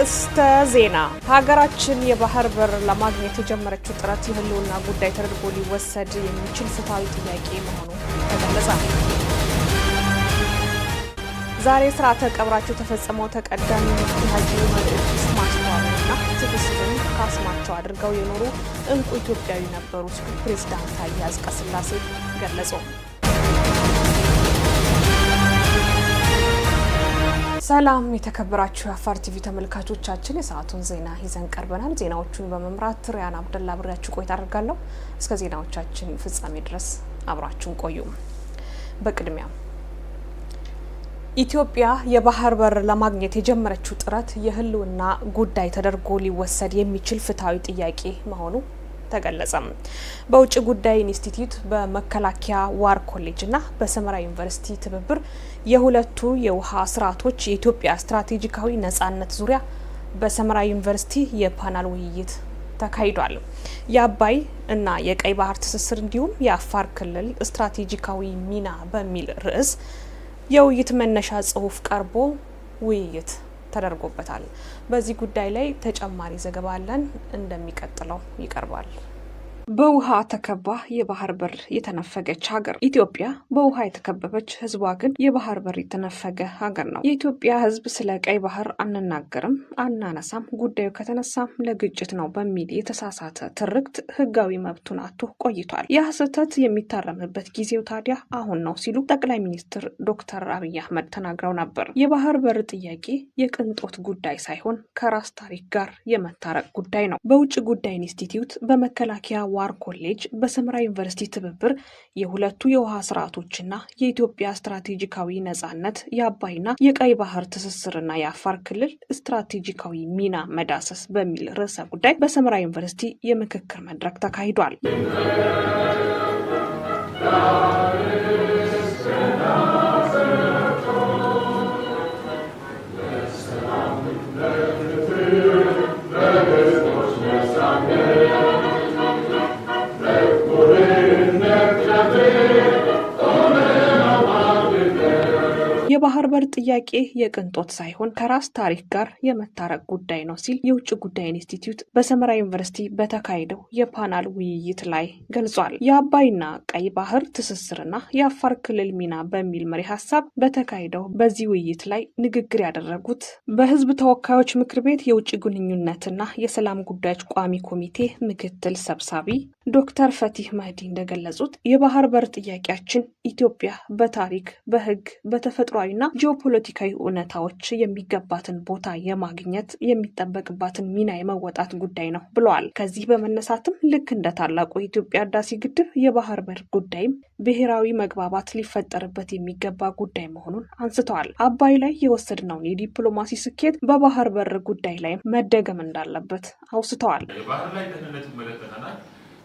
አርዕስተ ዜና። ሀገራችን የባህር በር ለማግኘት የጀመረችው ጥረት የህልውና ጉዳይ ተደርጎ ሊወሰድ የሚችል ፍትሐዊ ጥያቄ መሆኑ ተገለጸ። ዛሬ ስርዓተ ቀብራቸው ተፈጽመው ተቀዳሚ ሙፍቲ ሀጂ መልእክት ስማስተዋልና ትዕግስትን ካስማቸው አድርገው የኖሩ እንቁ ኢትዮጵያዊ ነበሩ ሲሉ ፕሬዝዳንት ታዬ አጽቀሥላሴ ገለጹ። ሰላም የተከበራችሁ የአፋር ቲቪ ተመልካቾቻችን፣ የሰዓቱን ዜና ይዘን ቀርበናል። ዜናዎቹን በመምራት ሪያን አብደላ አብሬያችሁ ቆይታ አድርጋለሁ። እስከ ዜናዎቻችን ፍጻሜ ድረስ አብራችሁን ቆዩ። በቅድሚያ ኢትዮጵያ የባህር በር ለማግኘት የጀመረችው ጥረት የህልውና ጉዳይ ተደርጎ ሊወሰድ የሚችል ፍትሐዊ ጥያቄ መሆኑ ተገለጸም። በውጭ ጉዳይ ኢንስቲትዩት በመከላከያ ዋር ኮሌጅና በሰመራ ዩኒቨርሲቲ ትብብር የሁለቱ የውሃ ስርዓቶች የኢትዮጵያ ስትራቴጂካዊ ነጻነት ዙሪያ በሰመራ ዩኒቨርሲቲ የፓናል ውይይት ተካሂዷል። የአባይ እና የቀይ ባህር ትስስር እንዲሁም የአፋር ክልል ስትራቴጂካዊ ሚና በሚል ርዕስ የውይይት መነሻ ጽሑፍ ቀርቦ ውይይት ተደርጎበታል። በዚህ ጉዳይ ላይ ተጨማሪ ዘገባ አለን፣ እንደሚቀጥለው ይቀርባል። በውሃ ተከባ የባህር በር የተነፈገች ሀገር ኢትዮጵያ በውሃ የተከበበች ህዝቧ ግን የባህር በር የተነፈገ ሀገር ነው። የኢትዮጵያ ህዝብ ስለ ቀይ ባህር አንናገርም፣ አናነሳም፣ ጉዳዩ ከተነሳም ለግጭት ነው በሚል የተሳሳተ ትርክት ህጋዊ መብቱን አቶ ቆይቷል። ያ ስህተት የሚታረምበት ጊዜው ታዲያ አሁን ነው ሲሉ ጠቅላይ ሚኒስትር ዶክተር አብይ አህመድ ተናግረው ነበር። የባህር በር ጥያቄ የቅንጦት ጉዳይ ሳይሆን ከራስ ታሪክ ጋር የመታረቅ ጉዳይ ነው። በውጭ ጉዳይ ኢንስቲትዩት በመከላከያ ዋር ኮሌጅ በሰምራ ዩኒቨርሲቲ ትብብር የሁለቱ የውሃ ስርዓቶችና የኢትዮጵያ ስትራቴጂካዊ ነጻነት የአባይና የቀይ ባህር ትስስርና የአፋር ክልል ስትራቴጂካዊ ሚና መዳሰስ በሚል ርዕሰ ጉዳይ በሰምራ ዩኒቨርሲቲ የምክክር መድረክ ተካሂዷል። የባህር በር ጥያቄ የቅንጦት ሳይሆን ከራስ ታሪክ ጋር የመታረቅ ጉዳይ ነው ሲል የውጭ ጉዳይ ኢንስቲትዩት በሰመራ ዩኒቨርሲቲ በተካሄደው የፓናል ውይይት ላይ ገልጿል። የአባይና ቀይ ባህር ትስስርና የአፋር ክልል ሚና በሚል መሪ ሀሳብ በተካሄደው በዚህ ውይይት ላይ ንግግር ያደረጉት በሕዝብ ተወካዮች ምክር ቤት የውጭ ግንኙነትና የሰላም ጉዳዮች ቋሚ ኮሚቴ ምክትል ሰብሳቢ ዶክተር ፈቲህ መህዲ እንደገለጹት የባህር በር ጥያቄያችን ኢትዮጵያ በታሪክ በህግ በተፈጥሯዊና ጂኦፖለቲካዊ እውነታዎች የሚገባትን ቦታ የማግኘት የሚጠበቅባትን ሚና የመወጣት ጉዳይ ነው ብለዋል። ከዚህ በመነሳትም ልክ እንደ ታላቁ የኢትዮጵያ ሕዳሴ ግድብ የባህር በር ጉዳይም ብሔራዊ መግባባት ሊፈጠርበት የሚገባ ጉዳይ መሆኑን አንስተዋል። አባይ ላይ የወሰድነውን የዲፕሎማሲ ስኬት በባህር በር ጉዳይ ላይም መደገም እንዳለበት አውስተዋል።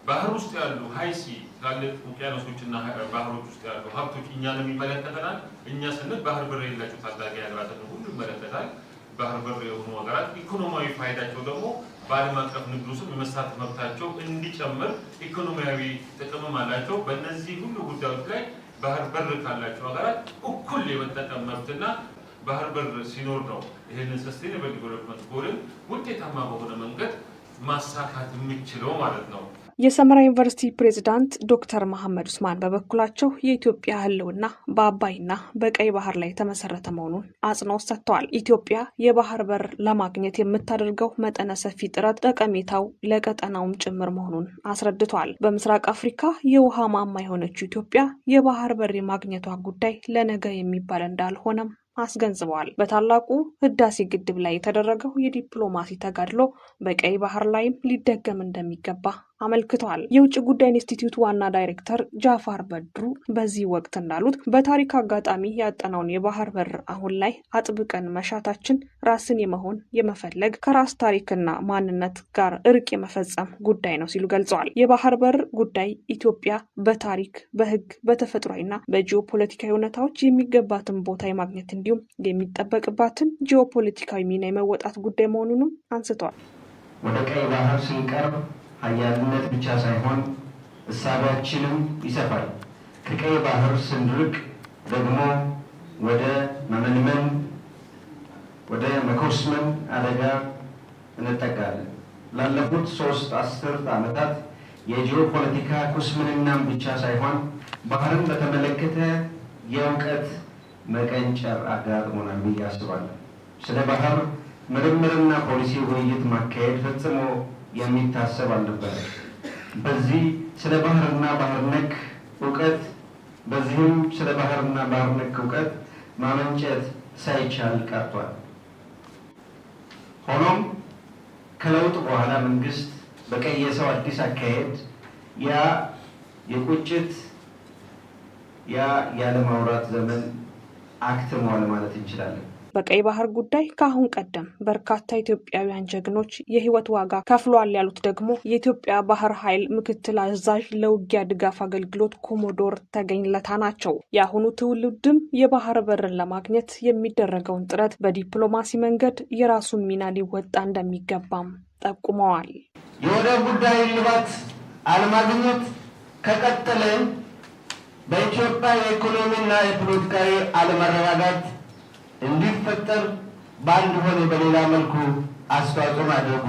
ባህር ውስጥ ያሉ ሀይሲ ትላልቅ ውቅያኖሶችና ባህሮች ውስጥ ያሉ ሀብቶች እኛንም ይመለከተናል። እኛ ስንል ባህር በር የሌላቸው ታዳጊ ሀገራትን ሁሉ ይመለከታል። ባህር በር የሆኑ ሀገራት ኢኮኖሚያዊ ፋይዳቸው ደግሞ በዓለም አቀፍ ንግዱ ስም የመሳተፍ መብታቸው እንዲጨምር ኢኮኖሚያዊ ጥቅምም አላቸው። በእነዚህ ሁሉ ጉዳዮች ላይ ባህር በር ካላቸው ሀገራት እኩል የመጠቀም መብትና ባህር በር ሲኖር ነው ይህንን ሰስቴናብል ዲቨሎፕመንት ጎልን ውጤታማ በሆነ መንገድ ማሳካት የምችለው ማለት ነው። የሰመራ ዩኒቨርሲቲ ፕሬዝዳንት ዶክተር መሐመድ ኡስማን በበኩላቸው የኢትዮጵያ ህልውና በአባይና በቀይ ባህር ላይ የተመሰረተ መሆኑን አጽንኦት ሰጥተዋል። ኢትዮጵያ የባህር በር ለማግኘት የምታደርገው መጠነ ሰፊ ጥረት ጠቀሜታው ለቀጠናውም ጭምር መሆኑን አስረድተዋል። በምስራቅ አፍሪካ የውሃ ማማ የሆነችው ኢትዮጵያ የባህር በር የማግኘቷ ጉዳይ ለነገ የሚባል እንዳልሆነም አስገንዝበዋል። በታላቁ ህዳሴ ግድብ ላይ የተደረገው የዲፕሎማሲ ተጋድሎ በቀይ ባህር ላይም ሊደገም እንደሚገባ አመልክቷል። የውጭ ጉዳይ ኢንስቲትዩት ዋና ዳይሬክተር ጃፋር በድሩ በዚህ ወቅት እንዳሉት በታሪክ አጋጣሚ ያጠናውን የባህር በር አሁን ላይ አጥብቀን መሻታችን ራስን የመሆን የመፈለግ ከራስ ታሪክና ማንነት ጋር እርቅ የመፈጸም ጉዳይ ነው ሲሉ ገልጸዋል። የባህር በር ጉዳይ ኢትዮጵያ በታሪክ በህግ በተፈጥሯዊና በጂኦፖለቲካዊ እውነታዎች የሚገባትን ቦታ የማግኘት እንዲሁም የሚጠበቅባትን ጂኦፖለቲካዊ ሚና የመወጣት ጉዳይ መሆኑንም አንስተዋል። ወደ ቀይ ባህር ሲቀርብ ሀያልነት ብቻ ሳይሆን እሳቢያችንም ይሰፋል። ከቀይ ባህር ስንርቅ ደግሞ ወደ መመንመን ወደ መኮስመን አደጋ እንጠቃለን። ላለፉት ሶስት አስርት ዓመታት የጂኦፖለቲካ ፖለቲካ ኩስምንናም ብቻ ሳይሆን ባህርን በተመለከተ የእውቀት መቀንጨር አጋጥሞናል ብዬ አስባለሁ። ስለ ባህር ምርምርና ፖሊሲ ውይይት ማካሄድ ፈጽሞ የሚታሰብ አልነበረ። በዚህ ስለ ባህርና ባህር ነክ እውቀት በዚህም ስለ ባህርና ባህር ነክ እውቀት ማመንጨት ሳይቻል ቀርቷል። ሆኖም ከለውጥ በኋላ መንግስት በቀየሰው አዲስ አካሄድ ያ የቁጭት ያ ያለማውራት ዘመን አክትሟል ማለት እንችላለን። በቀይ ባህር ጉዳይ ከአሁን ቀደም በርካታ ኢትዮጵያውያን ጀግኖች የህይወት ዋጋ ከፍሏል ያሉት ደግሞ የኢትዮጵያ ባህር ኃይል ምክትል አዛዥ ለውጊያ ድጋፍ አገልግሎት ኮሞዶር ተገኝለታ ናቸው። የአሁኑ ትውልድም የባህር በርን ለማግኘት የሚደረገውን ጥረት በዲፕሎማሲ መንገድ የራሱን ሚና ሊወጣ እንደሚገባም ጠቁመዋል። የወደብ ጉዳይ እልባት አለማግኘት ከቀጠለ በኢትዮጵያ የኢኮኖሚና የፖለቲካዊ አለመረጋጋት እንዲ ሲፈጠር በአንድ ሆነ በሌላ መልኩ አስተዋጽኦ ማድረጉ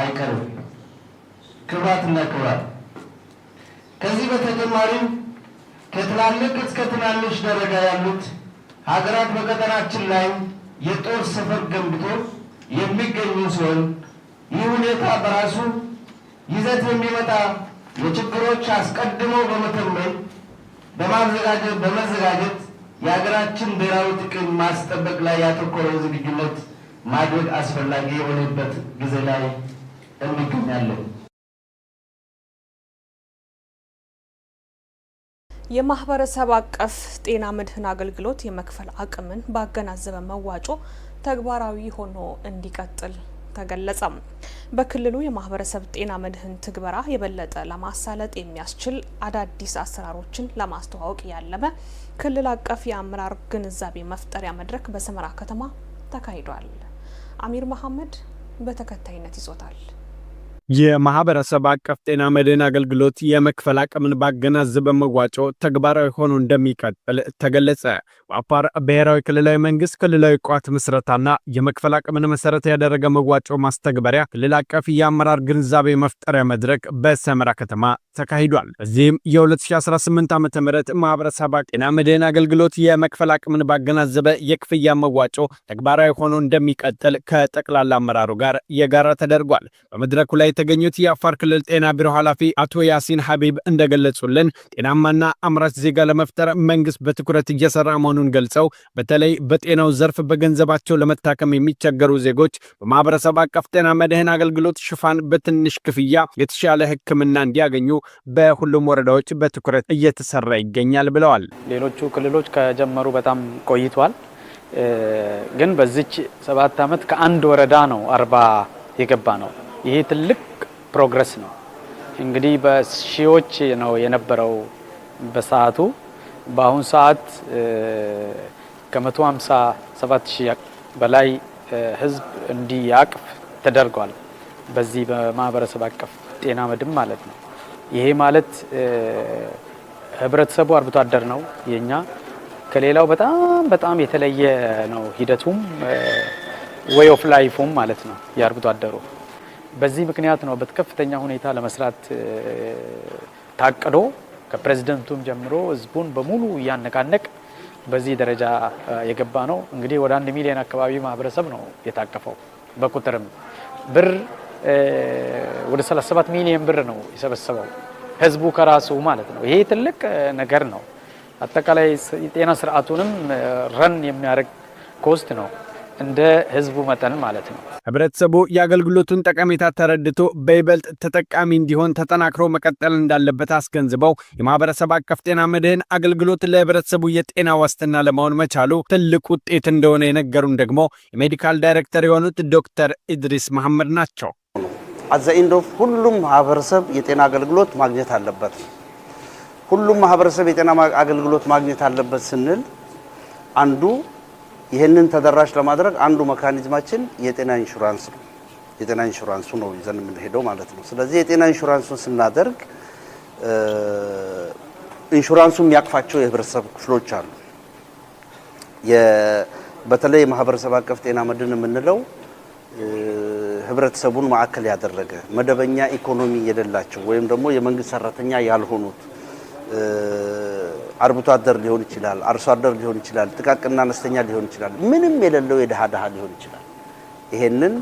አይቀርም። ክብራትና ክብራት ከዚህ በተጨማሪም ከትላልቅ እስከ ትናንሽ ደረጃ ያሉት ሀገራት በቀጠናችን ላይ የጦር ሰፈር ገንብቶ የሚገኙ ሲሆን ይህ ሁኔታ በራሱ ይዘት የሚመጣ የችግሮች አስቀድሞ በመተመን በማዘጋጀት በመዘጋጀት የሀገራችን ብሔራዊ ጥቅም ማስጠበቅ ላይ ያተኮረው ዝግጁነት ማድረግ አስፈላጊ የሆነበት ጊዜ ላይ እንገኛለን። የማህበረሰብ አቀፍ ጤና መድህን አገልግሎት የመክፈል አቅምን ባገናዘበ መዋጮ ተግባራዊ ሆኖ እንዲቀጥል ተገለጸም። በክልሉ የማህበረሰብ ጤና መድህን ትግበራ የበለጠ ለማሳለጥ የሚያስችል አዳዲስ አሰራሮችን ለማስተዋወቅ ያለመ ክልል አቀፍ የአመራር ግንዛቤ መፍጠሪያ መድረክ በሰመራ ከተማ ተካሂዷል። አሚር መሐመድ በተከታይነት ይዞታል። የማህበረሰብ አቀፍ ጤና መድህን አገልግሎት የመክፈል አቅምን ባገናዘበ መዋጮ ተግባራዊ ሆኖ እንደሚቀጥል ተገለጸ። በአፋር ብሔራዊ ክልላዊ መንግስት ክልላዊ ቋት ምስረታና የመክፈል አቅምን መሰረት ያደረገ መዋጮ ማስተግበሪያ ክልል አቀፍ የአመራር ግንዛቤ መፍጠሪያ መድረክ በሰመራ ከተማ ተካሂዷል። በዚህም የ2018 ዓ ም ማህበረሰብ ጤና መድህን አገልግሎት የመክፈል አቅምን ባገናዘበ የክፍያ መዋጮ ተግባራዊ ሆኖ እንደሚቀጥል ከጠቅላላ አመራሩ ጋር የጋራ ተደርጓል። በመድረኩ ላይ የተገኙት የአፋር ክልል ጤና ቢሮ ኃላፊ አቶ ያሲን ሀቢብ እንደገለጹልን ጤናማና አምራች ዜጋ ለመፍጠር መንግስት በትኩረት እየሰራ መሆኑን ገልጸው በተለይ በጤናው ዘርፍ በገንዘባቸው ለመታከም የሚቸገሩ ዜጎች በማህበረሰብ አቀፍ ጤና መድህን አገልግሎት ሽፋን በትንሽ ክፍያ የተሻለ ሕክምና እንዲያገኙ በሁሉም ወረዳዎች በትኩረት እየተሰራ ይገኛል ብለዋል። ሌሎቹ ክልሎች ከጀመሩ በጣም ቆይቷል። ግን በዚች ሰባት ዓመት ከአንድ ወረዳ ነው አርባ የገባ ነው። ይሄ ትልቅ ፕሮግረስ ነው። እንግዲህ በሺዎች ነው የነበረው በሰዓቱ። በአሁኑ ሰዓት ከ157 ሺህ በላይ ህዝብ እንዲያቅፍ ተደርጓል። በዚህ በማህበረሰብ አቀፍ ጤና መድን ማለት ነው። ይሄ ማለት ህብረተሰቡ አርብቶ አደር ነው የኛ ከሌላው በጣም በጣም የተለየ ነው ሂደቱም ዌይ ኦፍ ላይፉም ማለት ነው የአርብቶ አደሩ በዚህ ምክንያት ነው በከፍተኛ ሁኔታ ለመስራት ታቅዶ ከፕሬዝደንቱም ጀምሮ ህዝቡን በሙሉ እያነቃነቅ በዚህ ደረጃ የገባ ነው። እንግዲህ ወደ አንድ ሚሊዮን አካባቢ ማህበረሰብ ነው የታቀፈው። በቁጥርም ብር ወደ 37 ሚሊዮን ብር ነው የሰበሰበው ህዝቡ ከራሱ ማለት ነው። ይሄ ትልቅ ነገር ነው። አጠቃላይ የጤና ስርዓቱንም ረን የሚያደርግ ኮስት ነው። እንደ ህዝቡ መጠን ማለት ነው። ህብረተሰቡ የአገልግሎቱን ጠቀሜታ ተረድቶ በይበልጥ ተጠቃሚ እንዲሆን ተጠናክሮ መቀጠል እንዳለበት አስገንዝበው የማህበረሰብ አቀፍ ጤና መድህን አገልግሎት ለህብረተሰቡ የጤና ዋስትና ለመሆን መቻሉ ትልቅ ውጤት እንደሆነ የነገሩን ደግሞ የሜዲካል ዳይሬክተር የሆኑት ዶክተር ኢድሪስ መሐመድ ናቸው። አዘኢንዶ ሁሉም ማህበረሰብ የጤና አገልግሎት ማግኘት አለበት። ሁሉም ማህበረሰብ የጤና አገልግሎት ማግኘት አለበት ስንል አንዱ ይህንን ተደራሽ ለማድረግ አንዱ መካኒዝማችን የጤና ኢንሹራንስ ነው። የጤና ኢንሹራንሱ ነው ይዘን የምንሄደው ማለት ነው። ስለዚህ የጤና ኢንሹራንሱን ስናደርግ ኢንሹራንሱ የሚያቅፋቸው የህብረተሰብ ክፍሎች አሉ። በተለይ የማህበረሰብ አቀፍ ጤና መድን የምንለው ህብረተሰቡን ማዕከል ያደረገ መደበኛ ኢኮኖሚ የሌላቸው ወይም ደግሞ የመንግስት ሰራተኛ ያልሆኑት አርብቶ አደር ሊሆን ይችላል፣ አርሶ አደር ሊሆን ይችላል፣ ጥቃቅንና አነስተኛ ሊሆን ይችላል፣ ምንም የሌለው የድሃ ድሃ ሊሆን ይችላል። ይሄንን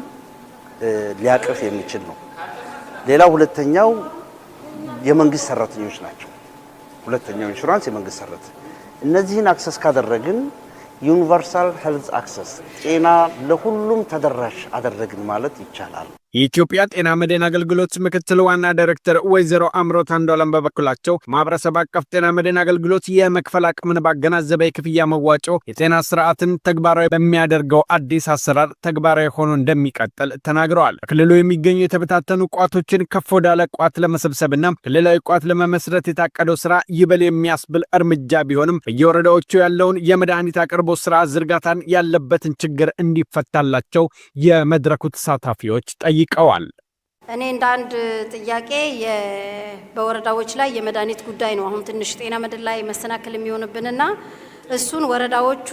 ሊያቅፍ የሚችል ነው። ሌላው ሁለተኛው የመንግስት ሰራተኞች ናቸው። ሁለተኛው ኢንሹራንስ የመንግስት ሰራተ እነዚህን አክሰስ ካደረግን ዩኒቨርሳል ሄልዝ አክሰስ ጤና ለሁሉም ተደራሽ አደረግን ማለት ይቻላል። የኢትዮጵያ ጤና መድን አገልግሎት ምክትል ዋና ዳይሬክተር ወይዘሮ አምሮት አንዷለም በበኩላቸው ማህበረሰብ አቀፍ ጤና መድን አገልግሎት የመክፈል አቅምን ባገናዘበ የክፍያ መዋጮ የጤና ስርዓትን ተግባራዊ በሚያደርገው አዲስ አሰራር ተግባራዊ ሆኖ እንደሚቀጥል ተናግረዋል። በክልሉ የሚገኙ የተበታተኑ ቋቶችን ከፍ ወዳለ ቋት ለመሰብሰብና ክልላዊ ቋት ለመመስረት የታቀደው ስራ ይበል የሚያስብል እርምጃ ቢሆንም በየወረዳዎቹ ያለውን የመድኃኒት አቅርቦ ስራ ዝርጋታን ያለበትን ችግር እንዲፈታላቸው የመድረኩ ተሳታፊዎች ጠይቀዋል። ጠይቀዋል። እኔ እንደ አንድ ጥያቄ በወረዳዎች ላይ የመድኃኒት ጉዳይ ነው። አሁን ትንሽ ጤና መድን ላይ መሰናክል የሚሆንብንና እሱን ወረዳዎቹ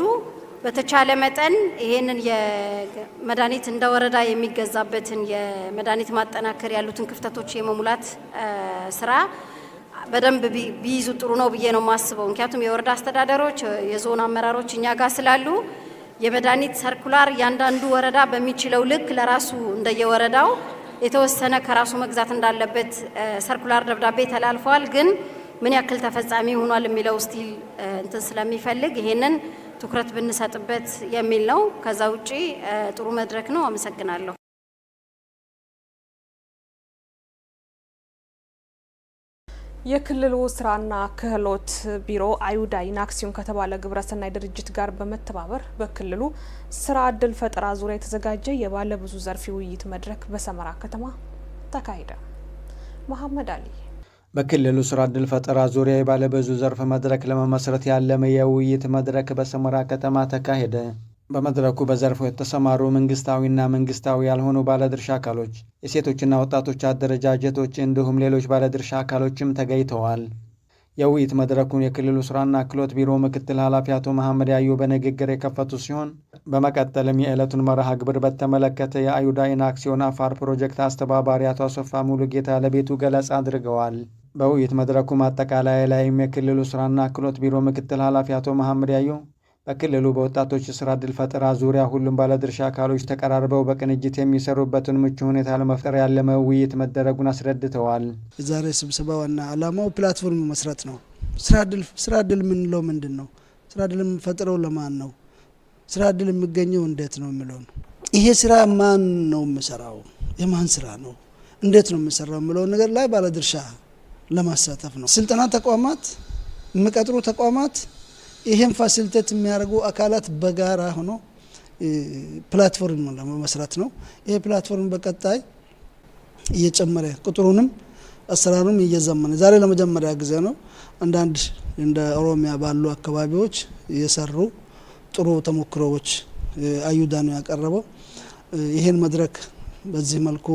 በተቻለ መጠን ይሄንን የመድኃኒት እንደ ወረዳ የሚገዛበትን የመድኃኒት ማጠናከር ያሉትን ክፍተቶች የመሙላት ስራ በደንብ ቢይዙ ጥሩ ነው ብዬ ነው የማስበው። ምክንያቱም የወረዳ አስተዳደሮች፣ የዞን አመራሮች እኛ ጋር ስላሉ የመድኃኒት ሰርኩላር እያንዳንዱ ወረዳ በሚችለው ልክ ለራሱ እንደየወረዳው የተወሰነ ከራሱ መግዛት እንዳለበት ሰርኩላር ደብዳቤ ተላልፈዋል። ግን ምን ያክል ተፈጻሚ ሆኗል የሚለው ስቲል እንትን ስለሚፈልግ ይሄንን ትኩረት ብንሰጥበት የሚል ነው። ከዛ ውጪ ጥሩ መድረክ ነው። አመሰግናለሁ። የክልሉ ስራና ክህሎት ቢሮ አዩዳ ኢናክሲዮን ከተባለ ግብረሰናይ ድርጅት ጋር በመተባበር በክልሉ ስራ እድል ፈጠራ ዙሪያ የተዘጋጀ የባለብዙ ዘርፍ ውይይት መድረክ በሰመራ ከተማ ተካሄደ። መሐመድ አሊ በክልሉ ስራ እድል ፈጠራ ዙሪያ የባለብዙ ዘርፍ መድረክ ለመመስረት ያለመ የውይይት መድረክ በሰመራ ከተማ ተካሄደ። በመድረኩ በዘርፉ የተሰማሩ መንግስታዊና መንግስታዊ ያልሆኑ ባለድርሻ አካሎች፣ የሴቶችና ወጣቶች አደረጃጀቶች እንዲሁም ሌሎች ባለድርሻ አካሎችም ተገኝተዋል። የውይይት መድረኩን የክልሉ ስራና ክህሎት ቢሮ ምክትል ኃላፊ አቶ መሐመድ ያዩ በንግግር የከፈቱ ሲሆን በመቀጠልም የዕለቱን መርሃ ግብር በተመለከተ የአዩዳ ኢንአክሲዮን አፋር ፕሮጀክት አስተባባሪ አቶ አሰፋ ሙሉጌታ ለቤቱ ገለጻ አድርገዋል። በውይይት መድረኩ ማጠቃለያ ላይም የክልሉ ስራና ክህሎት ቢሮ ምክትል ኃላፊ አቶ መሐመድ ያዩ በክልሉ በወጣቶች ስራ እድል ፈጠራ ዙሪያ ሁሉም ባለድርሻ አካሎች ተቀራርበው በቅንጅት የሚሰሩበትን ምቹ ሁኔታ ለመፍጠር ያለመ ውይይት መደረጉን አስረድተዋል። የዛሬ ስብሰባ ዋና ዓላማው ፕላትፎርም መስራት ነው። ስራ ዕድል የምንለው ምንድን ነው? ስራ ድል የምንፈጥረው ለማን ነው? ስራ ዕድል የሚገኘው እንዴት ነው የሚለው ነው። ይሄ ስራ ማን ነው የምሰራው? የማን ስራ ነው? እንዴት ነው የምሰራው የሚለው ነገር ላይ ባለድርሻ ለማሳተፍ ነው። ስልጠና ተቋማት የሚቀጥሩ ተቋማት ይህም ፋሲልቴት የሚያደርጉ አካላት በጋራ ሆኖ ፕላትፎርም ለመመስረት ነው። ይሄ ፕላትፎርም በቀጣይ እየጨመረ ቁጥሩንም አሰራሩም እየዘመነ ዛሬ ለመጀመሪያ ጊዜ ነው አንዳንድ እንደ ኦሮሚያ ባሉ አካባቢዎች የሰሩ ጥሩ ተሞክሮዎች አዩዳ ነው ያቀረበው። ይህን መድረክ በዚህ መልኩ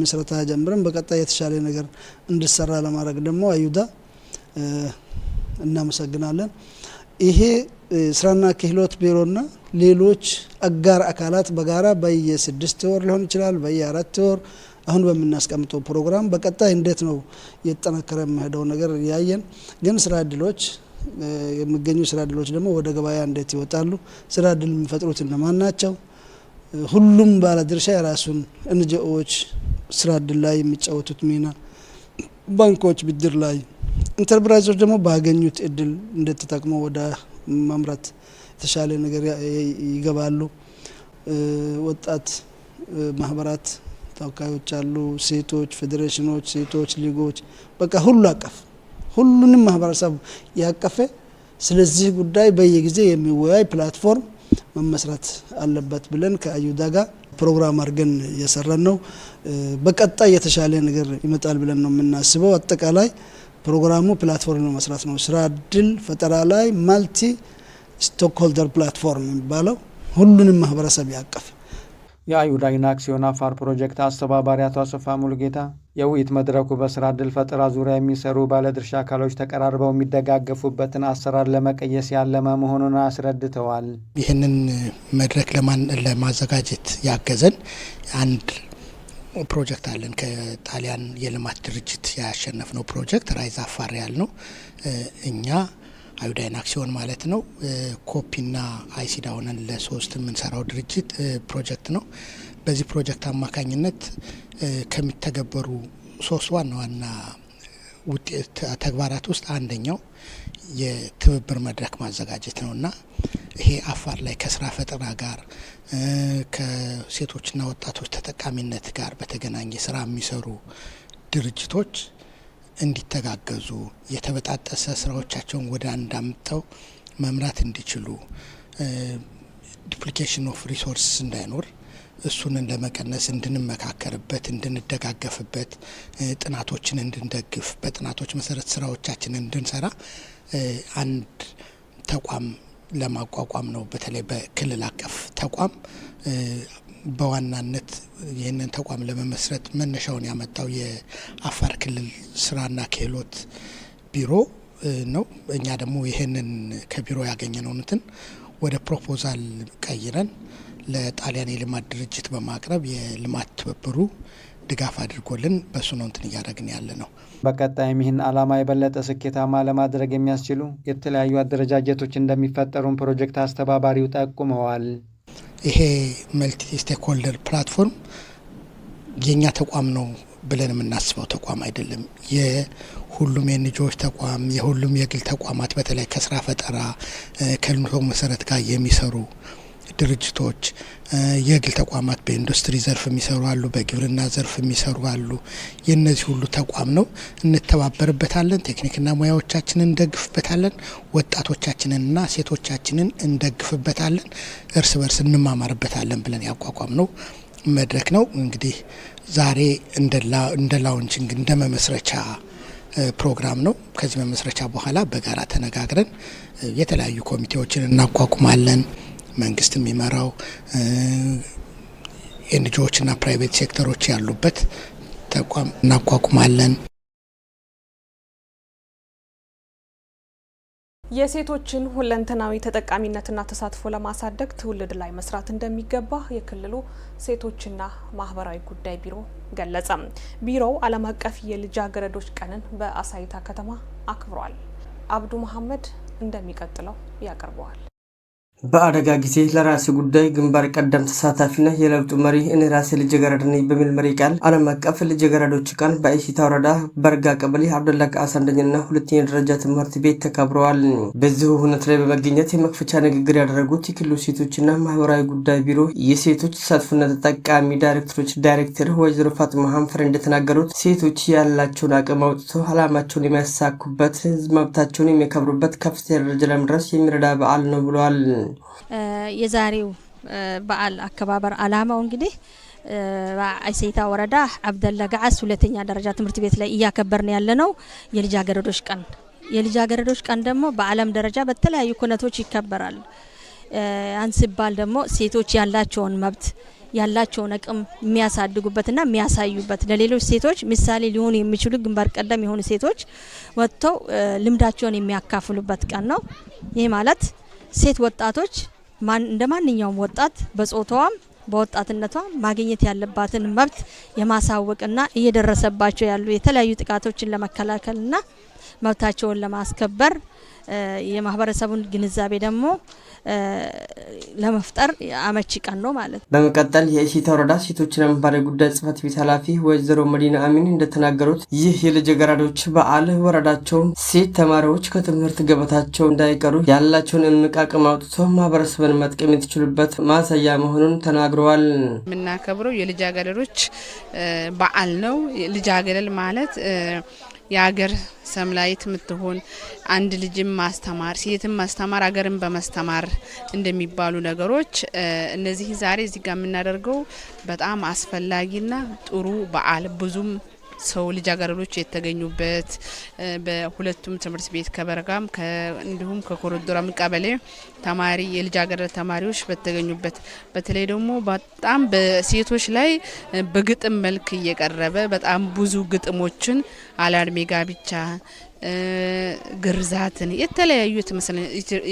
ምስረታ ጀምረን በቀጣይ የተሻለ ነገር እንዲሰራ ለማድረግ ደግሞ አዩዳ እናመሰግናለን። ይሄ ስራና ክህሎት ቢሮና ሌሎች አጋር አካላት በጋራ በየስድስት ወር ሊሆን ይችላል፣ በየአራት ወር አሁን በምናስቀምጠው ፕሮግራም በቀጣይ እንዴት ነው እየተጠናከረ የሚሄደው ነገር እያየን ግን ስራ እድሎች የሚገኙ ስራ እድሎች ደግሞ ወደ ገበያ እንዴት ይወጣሉ? ስራ እድል የሚፈጥሩት እነማን ናቸው? ሁሉም ባለድርሻ የራሱን እንጂኦዎች ስራ እድል ላይ የሚጫወቱት ሚና፣ ባንኮች ብድር ላይ ኢንተርፕራይዞች ደግሞ ባገኙት እድል እንደተጠቅመው ወደ መምረት የተሻለ ነገር ይገባሉ። ወጣት ማህበራት ተወካዮች አሉ፣ ሴቶች ፌዴሬሽኖች፣ ሴቶች ሊጎች፣ በቃ ሁሉ አቀፍ ሁሉንም ማህበረሰብ ያቀፈ ስለዚህ ጉዳይ በየጊዜ የሚወያይ ፕላትፎርም መመስረት አለበት ብለን ከአዩዳ ጋር ፕሮግራም አድርገን እየሰራን ነው። በቀጣይ የተሻለ ነገር ይመጣል ብለን ነው የምናስበው አጠቃላይ ፕሮግራሙ ፕላትፎርም መስራት ነው። ስራ እድል ፈጠራ ላይ ማልቲ ስቶክሆልደር ፕላትፎርም የሚባለው ሁሉንም ማህበረሰብ ያቀፍ የአይሁዳዊና አክሲዮን አፋር ፕሮጀክት አስተባባሪ አቶ አሰፋ ሙሉጌታ የውይይት መድረኩ በስራ እድል ፈጠራ ዙሪያ የሚሰሩ ባለድርሻ አካሎች ተቀራርበው የሚደጋገፉበትን አሰራር ለመቀየስ ያለመ መሆኑን አስረድተዋል። ይህንን መድረክ ለማዘጋጀት ያገዘን አንድ ፕሮጀክት አለን። ከጣሊያን የልማት ድርጅት ያሸነፍነው ፕሮጀክት ራይዝ አፋር ያል ነው። እኛ አዩዳይን አክሲዮን ማለት ነው ኮፒና አይሲዳ ሆነን ለሶስት የምንሰራው ድርጅት ፕሮጀክት ነው። በዚህ ፕሮጀክት አማካኝነት ከሚተገበሩ ሶስት ዋና ዋና ውጤት ተግባራት ውስጥ አንደኛው የትብብር መድረክ ማዘጋጀት ነውና ይሄ አፋር ላይ ከስራ ፈጠራ ጋር ከሴቶችና ወጣቶች ተጠቃሚነት ጋር በተገናኘ ስራ የሚሰሩ ድርጅቶች እንዲተጋገዙ የተበጣጠሰ ስራዎቻቸውን ወደ አንድ አምጥተው መምራት እንዲችሉ ዲፕሊኬሽን ኦፍ ሪሶርስ እንዳይኖር እሱንን ለመቀነስ እንድንመካከርበት፣ እንድንደጋገፍበት፣ ጥናቶችን እንድንደግፍ፣ በጥናቶች መሰረት ስራዎቻችን እንድንሰራ አንድ ተቋም ለማቋቋም ነው። በተለይ በክልል አቀፍ ተቋም በዋናነት ይህንን ተቋም ለመመስረት መነሻውን ያመጣው የአፋር ክልል ስራና ክህሎት ቢሮ ነው። እኛ ደግሞ ይህንን ከቢሮ ያገኘነው እንትን ወደ ፕሮፖዛል ቀይረን ለጣሊያን የልማት ድርጅት በማቅረብ የልማት ትብብሩ ድጋፍ አድርጎልን በሱ ነው እንትን እያደረግን ያለ ነው። በቀጣይም ይህን ዓላማ የበለጠ ስኬታማ ለማድረግ የሚያስችሉ የተለያዩ አደረጃጀቶች እንደሚፈጠሩን ፕሮጀክት አስተባባሪው ጠቁመዋል። ይሄ መልቲ ስቴክሆልደር ፕላትፎርም የእኛ ተቋም ነው ብለን የምናስበው ተቋም አይደለም። የሁሉም የንጆች ተቋም የሁሉም የግል ተቋማት በተለይ ከስራ ፈጠራ ከልምቶ መሰረት ጋር የሚሰሩ ድርጅቶች፣ የግል ተቋማት በኢንዱስትሪ ዘርፍ የሚሰሩ አሉ፣ በግብርና ዘርፍ የሚሰሩ አሉ። የእነዚህ ሁሉ ተቋም ነው። እንተባበርበታለን። ቴክኒክና ሙያዎቻችንን እንደግፍበታለን። ወጣቶቻችንንና ሴቶቻችንን እንደግፍበታለን። እርስ በርስ እንማማርበታለን ብለን ያቋቋም ነው መድረክ ነው። እንግዲህ ዛሬ እንደ ላውንችንግ እንደ መመስረቻ ፕሮግራም ነው። ከዚህ መመስረቻ በኋላ በጋራ ተነጋግረን የተለያዩ ኮሚቴዎችን እናቋቁማለን። መንግስት የሚመራው ኤንጂኦዎችና ፕራይቬት ሴክተሮች ያሉበት ተቋም እናቋቁማለን። የሴቶችን ሁለንተናዊ ተጠቃሚነትና ተሳትፎ ለማሳደግ ትውልድ ላይ መስራት እንደሚገባ የክልሉ ሴቶችና ማህበራዊ ጉዳይ ቢሮ ገለጸም። ቢሮው ዓለም አቀፍ የልጃገረዶች ቀንን በአሳይታ ከተማ አክብሯል። አብዱ መሀመድ እንደሚቀጥለው ያቀርበዋል። በአደጋ ጊዜ ለራሴ ጉዳይ ግንባር ቀደም ተሳታፊና የለውጡ መሪ እኔ ራሴ ልጀገረድ ነኝ በሚል መሪ ቃል ዓለም አቀፍ ልጀገረዶች ቀን በኢሽታ ወረዳ በርጋ ቀበሌ አብደላ ቃስ አንደኛና ሁለተኛ ደረጃ ትምህርት ቤት ተከብረዋል። በዚሁ ሁነት ላይ በመገኘት የመክፈቻ ንግግር ያደረጉት የክልሉ ሴቶችና ማህበራዊ ጉዳይ ቢሮ የሴቶች ተሳትፎና ተጠቃሚ ዳይሬክተሮች ዳይሬክተር ወይዘሮ ፋጥማ ሀንፈር እንደተናገሩት ሴቶች ያላቸውን አቅም አውጥተው ዓላማቸውን የሚያሳኩበት፣ ህዝብ መብታቸውን የሚያከብሩበት ከፍተኛ ደረጃ ለመድረስ የሚረዳ በዓል ነው ብለዋል። የዛሬው በዓል አከባበር አላማው እንግዲህ አይሴታ ወረዳ አብደላ ገዓስ ሁለተኛ ደረጃ ትምህርት ቤት ላይ እያከበርን ያለ ነው የልጃገረዶች ቀን። የልጃገረዶች ቀን ደግሞ በዓለም ደረጃ በተለያዩ ኩነቶች ይከበራል። ያን ሲባል ደግሞ ሴቶች ያላቸውን መብት ያላቸውን አቅም የሚያሳድጉበትና የሚያሳዩበት ለሌሎች ሴቶች ምሳሌ ሊሆኑ የሚችሉ ግንባር ቀደም የሆኑ ሴቶች ወጥተው ልምዳቸውን የሚያካፍሉበት ቀን ነው። ይህ ማለት ሴት ወጣቶች እንደ ማንኛውም ወጣት በጾታዋም በወጣትነቷ ማግኘት ያለባትን መብት የማሳወቅና እየደረሰባቸው ያሉ የተለያዩ ጥቃቶችን ለመከላከልና መብታቸውን ለማስከበር የማህበረሰቡን ግንዛቤ ደግሞ ለመፍጠር አመቺ ቀን ነው ማለት ነው። በመቀጠል የኢሲታ ወረዳ ሴቶችና ማህበራዊ ጉዳይ ጽህፈት ቤት ኃላፊ ወይዘሮ መዲና አሚን እንደተናገሩት ይህ የልጃገረዶች በዓል ወረዳቸው ሴት ተማሪዎች ከትምህርት ገበታቸው እንዳይቀሩ ያላቸውን እምቅ አቅም አውጥቶ ማህበረሰብን መጥቀም የተችሉበት ማሳያ መሆኑን ተናግረዋል። የምናከብረው የልጃገረዶች በዓል ነው። ልጃገረድ ማለት የአገር ሰምላይት የምትሆን አንድ ልጅም ማስተማር ሴትም ማስተማር አገርን በማስተማር እንደሚባሉ ነገሮች እነዚህ ዛሬ እዚህ ጋር የምናደርገው በጣም አስፈላጊና ጥሩ በዓል ብዙም ሰው ልጃገረዶች የተገኙበት በሁለቱም ትምህርት ቤት ከበረጋም እንዲሁም ከኮረዶራም ቀበሌ ተማሪ የልጃገረድ ተማሪዎች በተገኙበት በተለይ ደግሞ በጣም በሴቶች ላይ በግጥም መልክ እየቀረበ በጣም ብዙ ግጥሞችን አለ ጋብቻ ግርዛትን የተለያዩ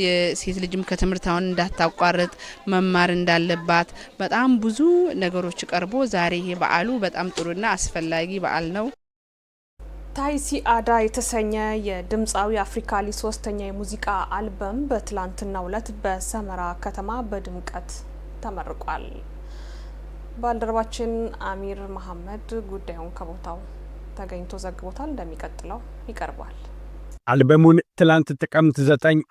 የሴት ልጅም ከትምህርት አሁን እንዳታቋርጥ መማር እንዳለባት በጣም ብዙ ነገሮች ቀርቦ ዛሬ ይሄ በዓሉ በጣም ጥሩና አስፈላጊ በዓል ነው። ታይሲ አዳ የተሰኘ የድምፃዊ ሊ ሶስተኛ የሙዚቃ አልበም በትላንትናው ዕለት በሰመራ ከተማ በድምቀት ተመርቋል። ባልደረባችን አሚር መሐመድ ጉዳዩን ከቦታው ተገኝቶ ዘግቦታል። እንደሚቀጥለው ይቀርባል። አልበሙን ትላንት ጥቅምት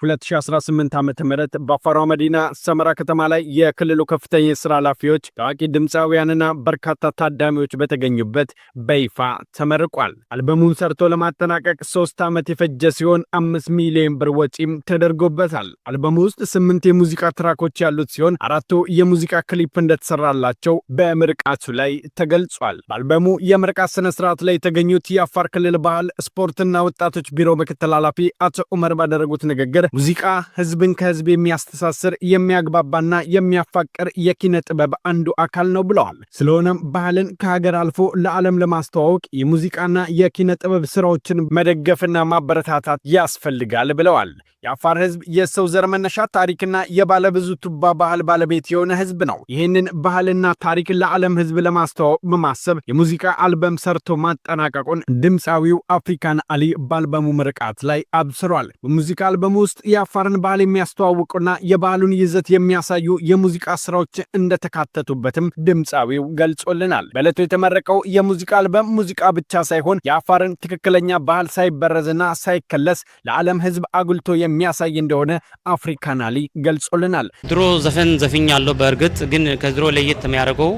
9 2018 ዓ ም በአፋሯ መዲና ሰመራ ከተማ ላይ የክልሉ ከፍተኛ የስራ ኃላፊዎች ታዋቂ ድምፃውያንና በርካታ ታዳሚዎች በተገኙበት በይፋ ተመርቋል። አልበሙን ሰርቶ ለማጠናቀቅ ሶስት ዓመት የፈጀ ሲሆን አምስት ሚሊዮን ብር ወጪም ተደርጎበታል። አልበሙ ውስጥ ስምንት የሙዚቃ ትራኮች ያሉት ሲሆን አራቱ የሙዚቃ ክሊፕ እንደተሰራላቸው በምርቃቱ ላይ ተገልጿል። በአልበሙ የምርቃት ስነስርዓት ላይ የተገኙት የአፋር ክልል ባህል ስፖርትና ወጣቶች ቢሮ ምክትል ኃላፊ ዶክተር ዑመር ባደረጉት ንግግር ሙዚቃ ህዝብን ከህዝብ የሚያስተሳስር የሚያግባባና የሚያፋቅር የኪነ ጥበብ አንዱ አካል ነው ብለዋል። ስለሆነም ባህልን ከሀገር አልፎ ለዓለም ለማስተዋወቅ የሙዚቃና የኪነ ጥበብ ስራዎችን መደገፍና ማበረታታት ያስፈልጋል ብለዋል። የአፋር ህዝብ የሰው ዘር መነሻ ታሪክና የባለብዙ ቱባ ባህል ባለቤት የሆነ ህዝብ ነው። ይህንን ባህልና ታሪክ ለዓለም ህዝብ ለማስተዋወቅ በማሰብ የሙዚቃ አልበም ሰርቶ ማጠናቀቁን ድምፃዊው አፍሪካን አሊ በአልበሙ ምርቃት ላይ አብሶ ታስሯል። በሙዚቃ አልበም ውስጥ የአፋርን ባህል የሚያስተዋውቁና የባህሉን ይዘት የሚያሳዩ የሙዚቃ ስራዎች እንደተካተቱበትም ድምፃዊው ገልጾልናል። በዕለቱ የተመረቀው የሙዚቃ አልበም ሙዚቃ ብቻ ሳይሆን የአፋርን ትክክለኛ ባህል ሳይበረዝና ሳይከለስ ለዓለም ሕዝብ አጉልቶ የሚያሳይ እንደሆነ አፍሪካናሊ ገልጾልናል። ድሮ ዘፈን ዘፍኝ ያለው በእርግጥ ግን ከድሮ ለየት የሚያደርገው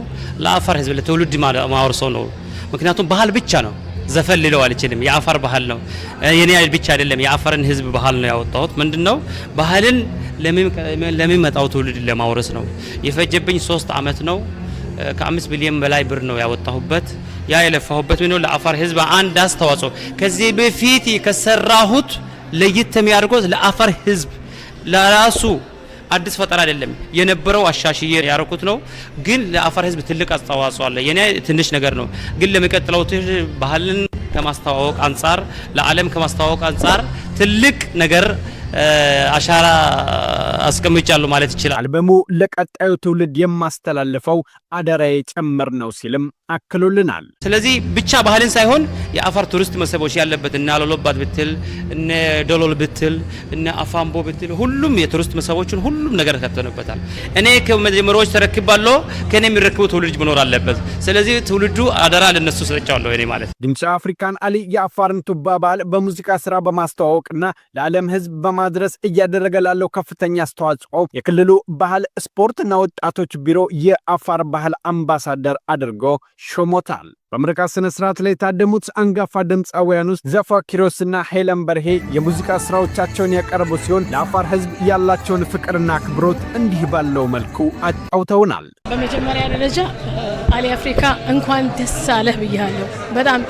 ለአፋር ሕዝብ ለትውልድ ማወርሰው ነው። ምክንያቱም ባህል ብቻ ነው ዘፈን ልለው አልችልም። የአፋር ባህል ነው። የኔ ብቻ አይደለም፣ የአፋርን ህዝብ ባህል ነው ያወጣሁት። ምንድነው ባህልን ለሚመጣው ትውልድ ለማውረስ ነው። የፈጀብኝ ሶስት አመት ነው። ከአምስት ቢሊዮን በላይ ብር ነው ያወጣሁበት። ያ የለፋሁበት ምነው ለአፋር ህዝብ አንድ አስተዋጽኦ ከዚህ በፊት ከሰራሁት ለየት የሚያደርገው ለአፋር ህዝብ ለራሱ አዲስ ፈጠራ አይደለም። የነበረው አሻሽዬ ያረኩት ነው። ግን ለአፋር ህዝብ ትልቅ አስተዋጽኦ አለ። የኔ ትንሽ ነገር ነው፣ ግን ለሚቀጥለው ባህልን ከማስተዋወቅ አንጻር፣ ለዓለም ከማስተዋወቅ አንጻር ትልቅ ነገር አሻራ አስቀምጫለሁ ማለት ይችላል። አልበሙ ለቀጣዩ ትውልድ የማስተላልፈው አደራ የጨመር ነው ሲልም አክሉልናል። ስለዚህ ብቻ ባህልን ሳይሆን የአፋር ቱሪስት መስህቦች ያለበት እነ አሎሎባት ብትል እነ ዶሎል ብትል እነ አፋምቦ ብትል ሁሉም የቱሪስት መስህቦችን ሁሉም ነገር ከተንበታል። እኔ ከመጀመሪያዎች ተረክባለሁ፣ ከእኔ የሚረክቡ ትውልድ መኖር አለበት። ስለዚህ ትውልዱ አደራ ለነሱ ሰጥቻለሁ። እኔ ማለት ድምፅ አፍሪካን አሊ የአፋርን ቱባ ባህል በሙዚቃ ስራ በማስተዋወቅና ለዓለም ህዝብ በማድረስ እያደረገ ላለው ከፍተኛ አስተዋጽኦ የክልሉ ባህል ስፖርትና ወጣቶች ቢሮ የአፋር ባህል ባህል አምባሳደር አድርጎ ሾሞታል። በምረቃ ስነ ስርዓት ላይ የታደሙት አንጋፋ ድምፃውያን ውስጥ ዘፋ ኪሮስና ሄለን በርሄ የሙዚቃ ስራዎቻቸውን ያቀረቡ ሲሆን ለአፋር ሕዝብ ያላቸውን ፍቅርና አክብሮት እንዲህ ባለው መልኩ አጫውተውናል። በመጀመሪያ ደረጃ አሊ አፍሪካ እንኳን ደስ አለህ ብያለሁ። በጣም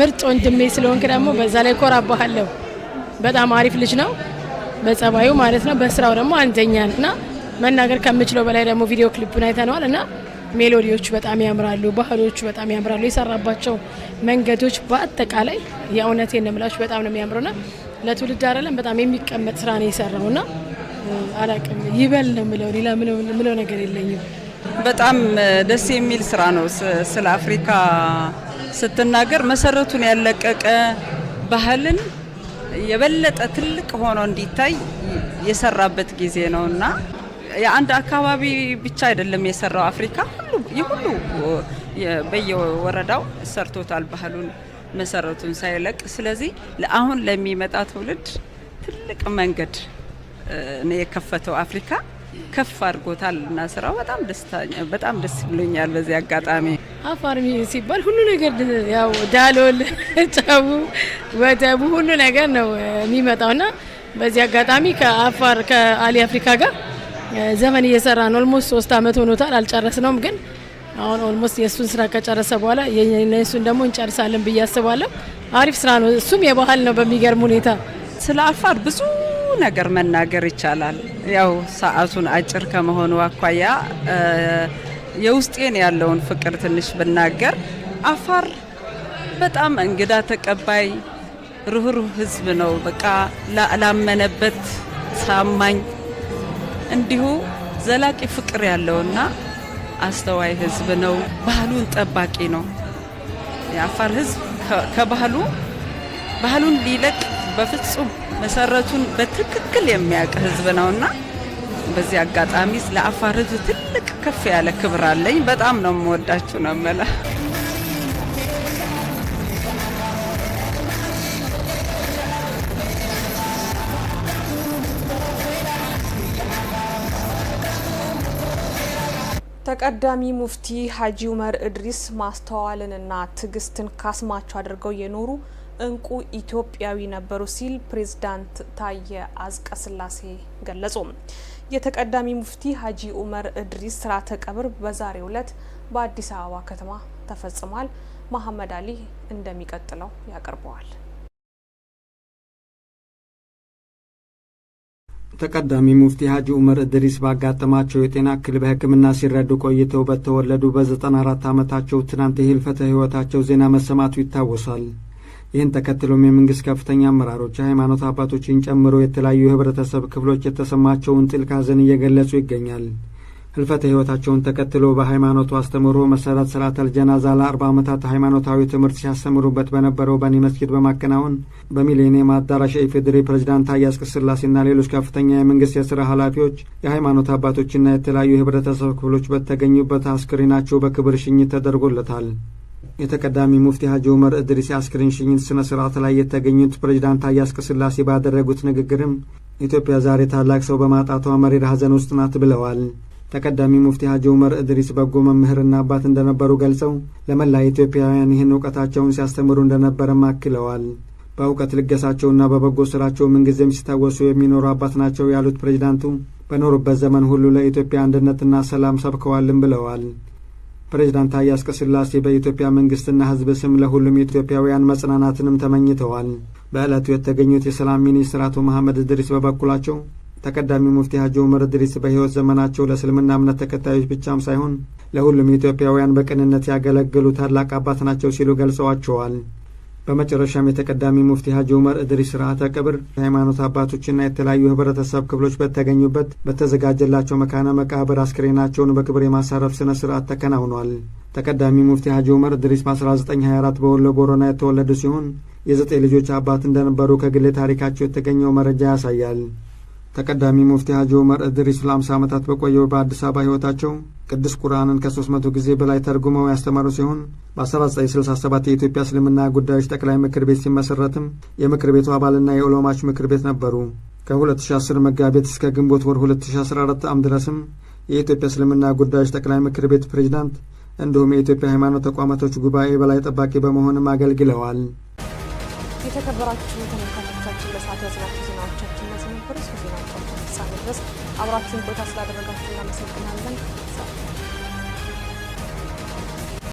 ምርጥ ወንድሜ ስለሆንክ ደግሞ በዛ ላይ ኮራባሃለሁ። በጣም አሪፍ ልጅ ነው በጸባዩ ማለት ነው። በስራው ደግሞ አንደኛ እና መናገር ከምችለው በላይ ደግሞ ቪዲዮ ክሊፑን አይተነዋል እና ሜሎዲዎቹ በጣም ያምራሉ፣ ባህሎቹ በጣም ያምራሉ። የሰራባቸው መንገዶች በአጠቃላይ የእውነቴን ነው በጣም ነው የሚያምሩና ለትውልድ አይደለም በጣም የሚቀመጥ ስራ ነው የሰራውና አላቅም ይበል ነው ምለው ሌላ ምለው ነገር የለኝም። በጣም ደስ የሚል ስራ ነው። ስለ አፍሪካ ስትናገር መሰረቱን ያለቀቀ ባህልን የበለጠ ትልቅ ሆኖ እንዲታይ የሰራበት ጊዜ ነው ና። የአንድ አካባቢ ብቻ አይደለም የሰራው አፍሪካ ሁሉ የሁሉ በየወረዳው ሰርቶታል ባህሉን መሰረቱን ሳይለቅ። ስለዚህ አሁን ለሚመጣ ትውልድ ትልቅ መንገድ የከፈተው አፍሪካ ከፍ አድርጎታል እና ስራው በጣም በጣም ደስ ብሎኛል። በዚህ አጋጣሚ አፋርሚ ሲባል ሁሉ ነገር ያው ዳሎል፣ ጨቡ፣ ወተቡ ሁሉ ነገር ነው የሚመጣውና በዚህ አጋጣሚ ከአፋር ከአሊ አፍሪካ ጋር ዘመን እየሰራ ነው። ኦልሞስት ሶስት አመት ሆኖታል፣ አልጨረስነውም ግን አሁን ኦልሞስት የእሱን ስራ ከጨረሰ በኋላ የእሱን ደግሞ እንጨርሳለን ብዬ አስባለሁ። አሪፍ ስራ ነው፣ እሱም የባህል ነው። በሚገርም ሁኔታ ስለ አፋር ብዙ ነገር መናገር ይቻላል። ያው ሰዓቱን አጭር ከመሆኑ አኳያ የውስጤን ያለውን ፍቅር ትንሽ ብናገር አፋር በጣም እንግዳ ተቀባይ ሩህሩህ ህዝብ ነው። በቃ ላመነበት ታማኝ እንዲሁ ዘላቂ ፍቅር ያለውና አስተዋይ ህዝብ ነው። ባህሉን ጠባቂ ነው። የአፋር ህዝብ ከባህሉ ባህሉን ሊለቅ በፍጹም መሰረቱን በትክክል የሚያውቅ ህዝብ ነውና በዚህ አጋጣሚ ለአፋር ህዝብ ትልቅ ከፍ ያለ ክብር አለኝ። በጣም ነው የምወዳችሁ ነው መላ ተቀዳሚ ሙፍቲ ሀጂ ኡመር እድሪስ ማስተዋልንና ትዕግስትን ካስማቸው አድርገው የኖሩ እንቁ ኢትዮጵያዊ ነበሩ ሲል ፕሬዝዳንት ታየ ስላሴ ገለጹ። የተቀዳሚ ሙፍቲ ሀጂ ኡመር እድሪስ ስርዓተ ቀብር በዛሬው ዕለት በአዲስ አበባ ከተማ ተፈጽሟል። መሐመድ አሊ እንደሚቀጥለው ያቀርበዋል። ተቀዳሚ ሙፍቲ ሀጂ ኡመር እድሪስ ባጋጠማቸው የጤና እክል በሕክምና ሲረዱ ቆይተው በተወለዱ በ94 ዓመታቸው ትናንት የህልፈተ ሕይወታቸው ዜና መሰማቱ ይታወሳል። ይህን ተከትሎም የመንግሥት ከፍተኛ አመራሮች፣ የሃይማኖት አባቶችን ጨምሮ የተለያዩ የህብረተሰብ ክፍሎች የተሰማቸውን ጥልቅ ሐዘን እየገለጹ ይገኛል። ህልፈተ ሕይወታቸውን ተከትሎ በሃይማኖቱ አስተምሮ መሰረት ሰላተል ጀናዛ ለአርባ ዓመታት ሃይማኖታዊ ትምህርት ሲያስተምሩበት በነበረው በኒ መስጊድ በማከናወን በሚሌኒየም አዳራሽ የኢፌዴሪ ፕሬዚዳንት ታዬ አጽቀሥላሴና ሌሎች ከፍተኛ የመንግሥት የሥራ ኃላፊዎች፣ የሃይማኖት አባቶችና የተለያዩ የህብረተሰብ ክፍሎች በተገኙበት አስክሬናቸው በክብር ሽኝት ተደርጎለታል። የተቀዳሚ ሙፍቲ ሀጂ ዑመር እድሪስ የአስክሬን ሽኝት ሥነ ሥርዓት ላይ የተገኙት ፕሬዚዳንት አያስ ቅስላሴ ባደረጉት ንግግርም ኢትዮጵያ ዛሬ ታላቅ ሰው በማጣቷ መሪር ሐዘን ውስጥ ናት ብለዋል። ተቀዳሚ ሙፍቲ ሀጂ ዑመር እድሪስ በጎ መምህርና አባት እንደነበሩ ገልጸው ለመላ ኢትዮጵያውያን ይህን እውቀታቸውን ሲያስተምሩ እንደነበረም አክለዋል። በእውቀት ልገሳቸውና በበጎ ስራቸው ምንጊዜም ሲታወሱ የሚኖሩ አባት ናቸው ያሉት ፕሬዚዳንቱ በኖሩበት ዘመን ሁሉ ለኢትዮጵያ አንድነትና ሰላም ሰብከዋልም ብለዋል። ፕሬዚዳንት ታዬ አጽቀሥላሴ በኢትዮጵያ መንግሥትና ሕዝብ ስም ለሁሉም ኢትዮጵያውያን መጽናናትንም ተመኝተዋል። በዕለቱ የተገኙት የሰላም ሚኒስትር አቶ መሐመድ እድሪስ በበኩላቸው ተቀዳሚው ሙፍቲ ሀጂ ዑመር እድሪስ በሕይወት ዘመናቸው ለእስልምና እምነት ተከታዮች ብቻም ሳይሆን ለሁሉም ኢትዮጵያውያን በቅንነት ያገለገሉ ታላቅ አባት ናቸው ሲሉ ገልጸዋቸዋል። በመጨረሻም የተቀዳሚ ሙፍቲ ሀጂ ዑመር እድሪስ ስርዓተ ቅብር የሃይማኖት አባቶችና የተለያዩ ህብረተሰብ ክፍሎች በተገኙበት በተዘጋጀላቸው መካነ መቃብር አስክሬናቸውን በክብር የማሳረፍ ሥነ ሥርዓት ተከናውኗል። ተቀዳሚ ሙፍቲ ሀጂ ዑመር እድሪስ በ1924 በወሎ ቦረና የተወለዱ ሲሆን የዘጠኝ ልጆች አባት እንደነበሩ ከግል ታሪካቸው የተገኘው መረጃ ያሳያል። ተቀዳሚ ሙፍቲ ሀጂ ዑመር እድሪስ ለአምሳ ዓመታት በቆየው በአዲስ አበባ ሕይወታቸው ቅዱስ ቁርአንን ከ300 ጊዜ በላይ ተርጉመው ያስተማሩ ሲሆን በ1967 የኢትዮጵያ እስልምና ጉዳዮች ጠቅላይ ምክር ቤት ሲመሠረትም የምክር ቤቱ አባልና የዑለማዎች ምክር ቤት ነበሩ። ከ2010 መጋቢት እስከ ግንቦት ወር 2014 ዓ.ም ድረስም የኢትዮጵያ እስልምና ጉዳዮች ጠቅላይ ምክር ቤት ፕሬዚዳንት እንዲሁም የኢትዮጵያ ሃይማኖት ተቋማቶች ጉባኤ በላይ ጠባቂ በመሆንም አገልግለዋል። አብራችሁን ቆይታ ስላደረጋችሁ